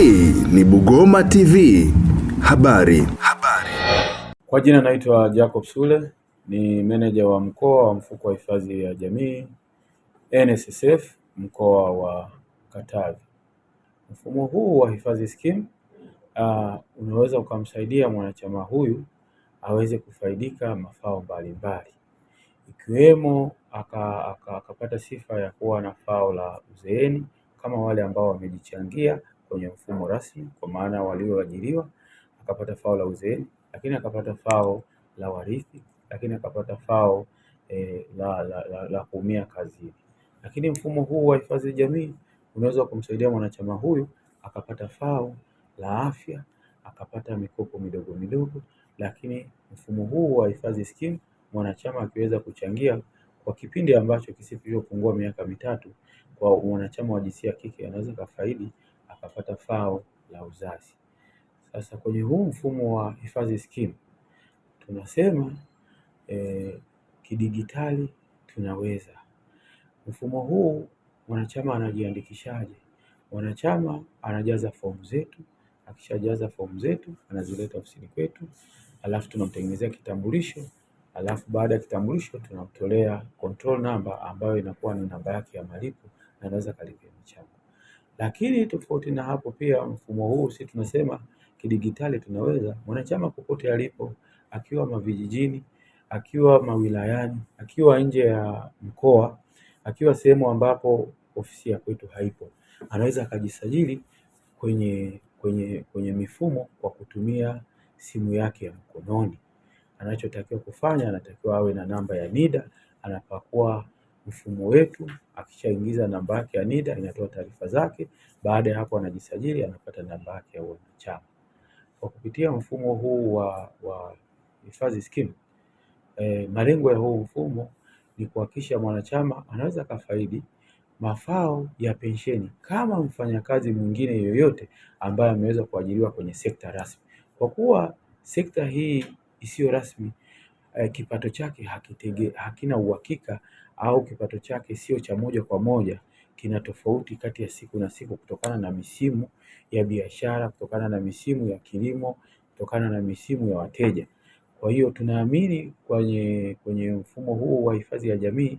Hii ni Bugoma TV. Habari. Habari. Kwa jina naitwa Jacob Sule, ni meneja wa mkoa wa mfuko wa hifadhi ya jamii NSSF mkoa wa Katavi. Mfumo huu wa hifadhi scheme uh, unaweza ukamsaidia mwanachama huyu aweze kufaidika mafao mbalimbali ikiwemo akapata aka, aka sifa ya kuwa na fao la uzeeni kama wale ambao wamejichangia kwenye mfumo rasmi kwa maana walioajiriwa, akapata fao la uzeeni, lakini akapata fao la warithi, lakini akapata fao e, la, la, la, la kuumia kazini. Lakini mfumo huu wa hifadhi jamii unaweza kumsaidia mwanachama huyu akapata fao la afya, akapata mikopo midogo midogo, lakini mfumo huu wa hifadhi skimu mwanachama akiweza kuchangia kwa kipindi ambacho kisichopungua miaka mitatu, kwa mwanachama wa jinsia ya kike anaweza kafaidi akapata fao la uzazi. Sasa kwenye huu mfumo wa hifadhi skimu tunasema e, kidigitali tunaweza. Mfumo huu mwanachama anajiandikishaje? Mwanachama anajaza fomu zetu, akishajaza fomu zetu anazileta ofisini kwetu, alafu tunamtengenezea kitambulisho, alafu baada ya kitambulisho tunamtolea control number ambayo inakuwa ni namba yake ya malipo na anaweza kalipia michango. Lakini tofauti na hapo pia, mfumo huu si tunasema kidigitali, tunaweza mwanachama popote alipo, akiwa mavijijini, akiwa mawilayani, akiwa nje ya mkoa, akiwa sehemu ambapo ofisi ya kwetu haipo, anaweza akajisajili kwenye kwenye kwenye mifumo kwa kutumia simu yake ya mkononi. Anachotakiwa kufanya, anatakiwa awe na namba ya NIDA, anapakua mfumo wetu. Akishaingiza namba yake ya NIDA inatoa taarifa zake. Baada ya hapo, anajisajili anapata namba yake ya wanachama. Kwa kupitia mfumo huu wa wa hifadhi skimu e, malengo ya huu mfumo ni kuhakikisha mwanachama anaweza kafaidi mafao ya pensheni kama mfanyakazi mwingine yoyote ambaye ameweza kuajiriwa kwenye sekta rasmi, kwa kuwa sekta hii isiyo rasmi eh, kipato chake hakitege, hakina uhakika au kipato chake sio cha moja kwa moja kina tofauti kati ya siku na siku kutokana na misimu ya biashara, kutokana na misimu ya kilimo, kutokana na misimu ya wateja. Kwa hiyo tunaamini kwenye kwenye mfumo huu wa hifadhi ya jamii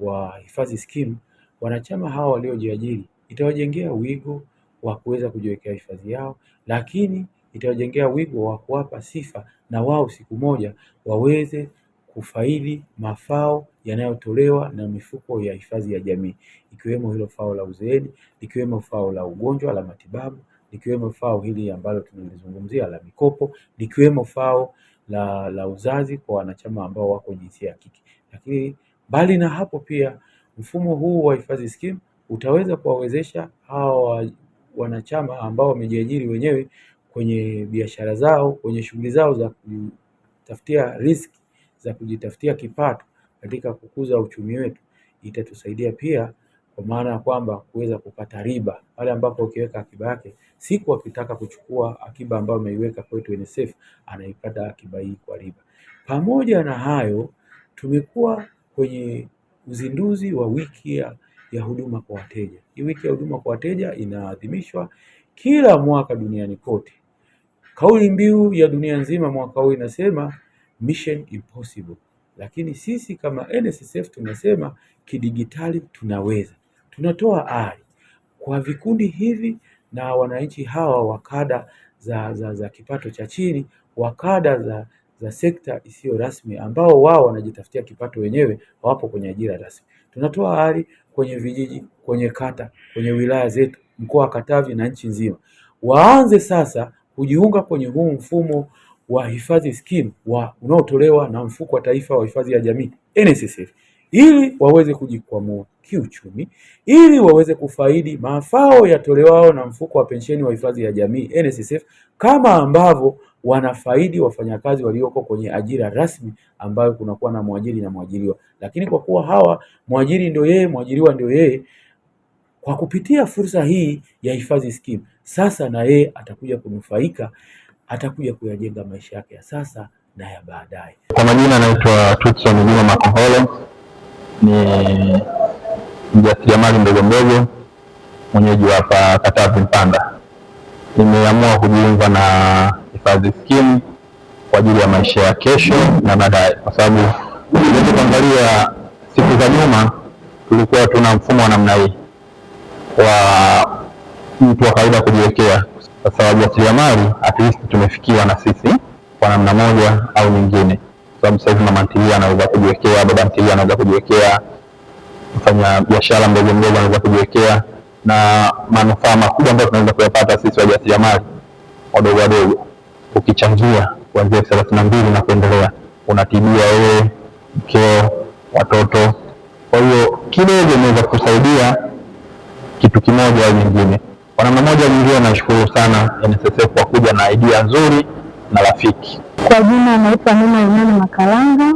wa hifadhi skimu, wanachama hawa waliojiajiri itawajengea wigo wa kuweza kujiwekea hifadhi yao, lakini itawajengea wigo wa kuwapa sifa na wao siku moja waweze kufaidi mafao yanayotolewa na mifuko ya hifadhi ya jamii ikiwemo hilo fao la uzeeni, likiwemo fao la ugonjwa la matibabu, likiwemo fao hili ambalo tunalizungumzia la mikopo, likiwemo fao la, la uzazi kwa wanachama ambao wako jinsia ya kike. Lakini mbali na hapo pia mfumo huu wa hifadhi skimu utaweza kuwawezesha hawa wanachama ambao wamejiajiri wenyewe kwenye biashara zao, kwenye shughuli zao za kutafutia riziki za kujitafutia kipato katika kukuza uchumi wetu itatusaidia pia kwa maana ya kwamba kuweza kupata riba pale ambapo ukiweka akiba yake, siku akitaka kuchukua akiba ambayo ameiweka kwetu NSSF anaipata akiba hii kwa riba. Pamoja na hayo, tumekuwa kwenye uzinduzi wa wiki ya, ya huduma kwa wateja. Hii wiki ya huduma kwa wateja inaadhimishwa kila mwaka duniani kote. Kauli mbiu ya dunia nzima mwaka huu inasema Mission Impossible, lakini sisi kama NSSF tunasema kidigitali tunaweza. Tunatoa ari kwa vikundi hivi na wananchi hawa wa kada za, za, za kipato cha chini wa kada za, za sekta isiyo rasmi ambao wao wanajitafutia kipato wenyewe, wapo kwenye ajira rasmi. Tunatoa ari kwenye vijiji, kwenye kata, kwenye wilaya zetu, mkoa wa Katavi na nchi nzima, waanze sasa kujiunga kwenye huu mfumo wa hifadhi scheme wa unaotolewa na mfuko wa taifa wa hifadhi ya jamii NSSF ili waweze kujikwamua kiuchumi, ili waweze kufaidi mafao yatolewao na mfuko wa pensheni wa hifadhi ya jamii NSSF kama ambavyo wanafaidi wafanyakazi walioko kwenye ajira rasmi ambayo kunakuwa na mwajiri na mwajiriwa. Lakini kwa kuwa hawa mwajiri ndio yeye, mwajiriwa ndio yeye, kwa kupitia fursa hii ya hifadhi scheme, sasa na yeye atakuja kunufaika atakuja kuyajenga maisha yake ya sasa na ya baadaye. Kwa majina anaitwa Tucson Juma Makoholo, ni mjasiriamali mdogo mdogo mwenyeji wa hapa Katavi Mpanda. Nimeamua kujiunga na hifadhi skimu kwa ajili ya maisha ya kesho na baadaye, kwa sababu tunaweza kuangalia siku za nyuma tulikuwa tuna mfumo wa namna hii wa mtu wa kawaida kujiwekea sasa wajasiriamali at least tumefikiwa na sisi kwa namna moja au nyingine, sababu sasa hivi mama ntilia anaweza kujiwekea, baba ntilia anaweza kujiwekea, mfanya biashara mdogo mdogo anaweza kujiwekea, na manufaa makubwa ambayo tunaweza kuyapata sisi wajasiriamali wadogo wadogo, ukichangia kuanzia elfu thelathini na mbili na kuendelea, unatibia wewe, mkeo, watoto. Kwa hiyo kidogo inaweza kusaidia kitu kimoja au nyingine. Kwa namna moja nyingine, nashukuru sana NSSF kwa kuja na idea nzuri na rafiki. Kwa jina anaitwa Neema Imani Makalanga,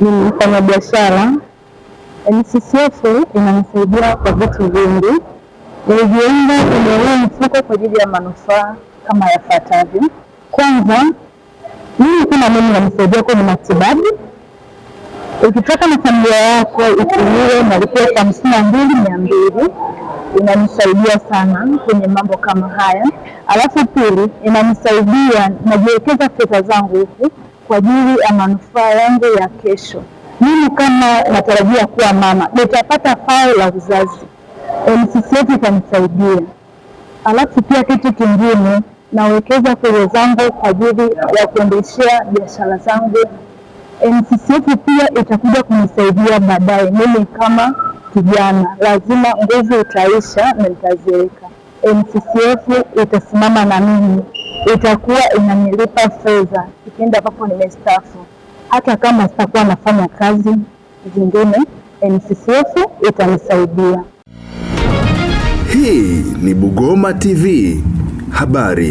ni mfanyabiashara. NSSF inanisaidia kwa vitu vingi. Nilijiunga kwenye huu mfuko kwa ajili ya manufaa kama yafuatavyo. Kwanza, mimi kuna mimi nanisaidia kwenye matibabu ukitoka na familia yako utumiwe nalipia elfu hamsini na mbili mia mbili inanisaidia sana kwenye mambo kama haya. Alafu pili, inanisaidia najiwekeza fedha zangu huku kwa ajili ya manufaa yangu ya kesho. Mimi kama natarajia kuwa mama, nitapata fao la uzazi, NSSF itanisaidia. Alafu pia kitu kingine, nawekeza fedha zangu kwa ajili ya kuendeshea biashara zangu. NSSF pia itakuja kunisaidia baadaye mimi kama kijana, lazima nguvu itaisha na nitazeeka. NCCF itasimama na mimi, itakuwa inanilipa fedha kipindi ambapo nimestaafu, hata kama sitakuwa nafanya kazi zingine, NCCF itanisaidia. Hii ni Bugoma TV habari.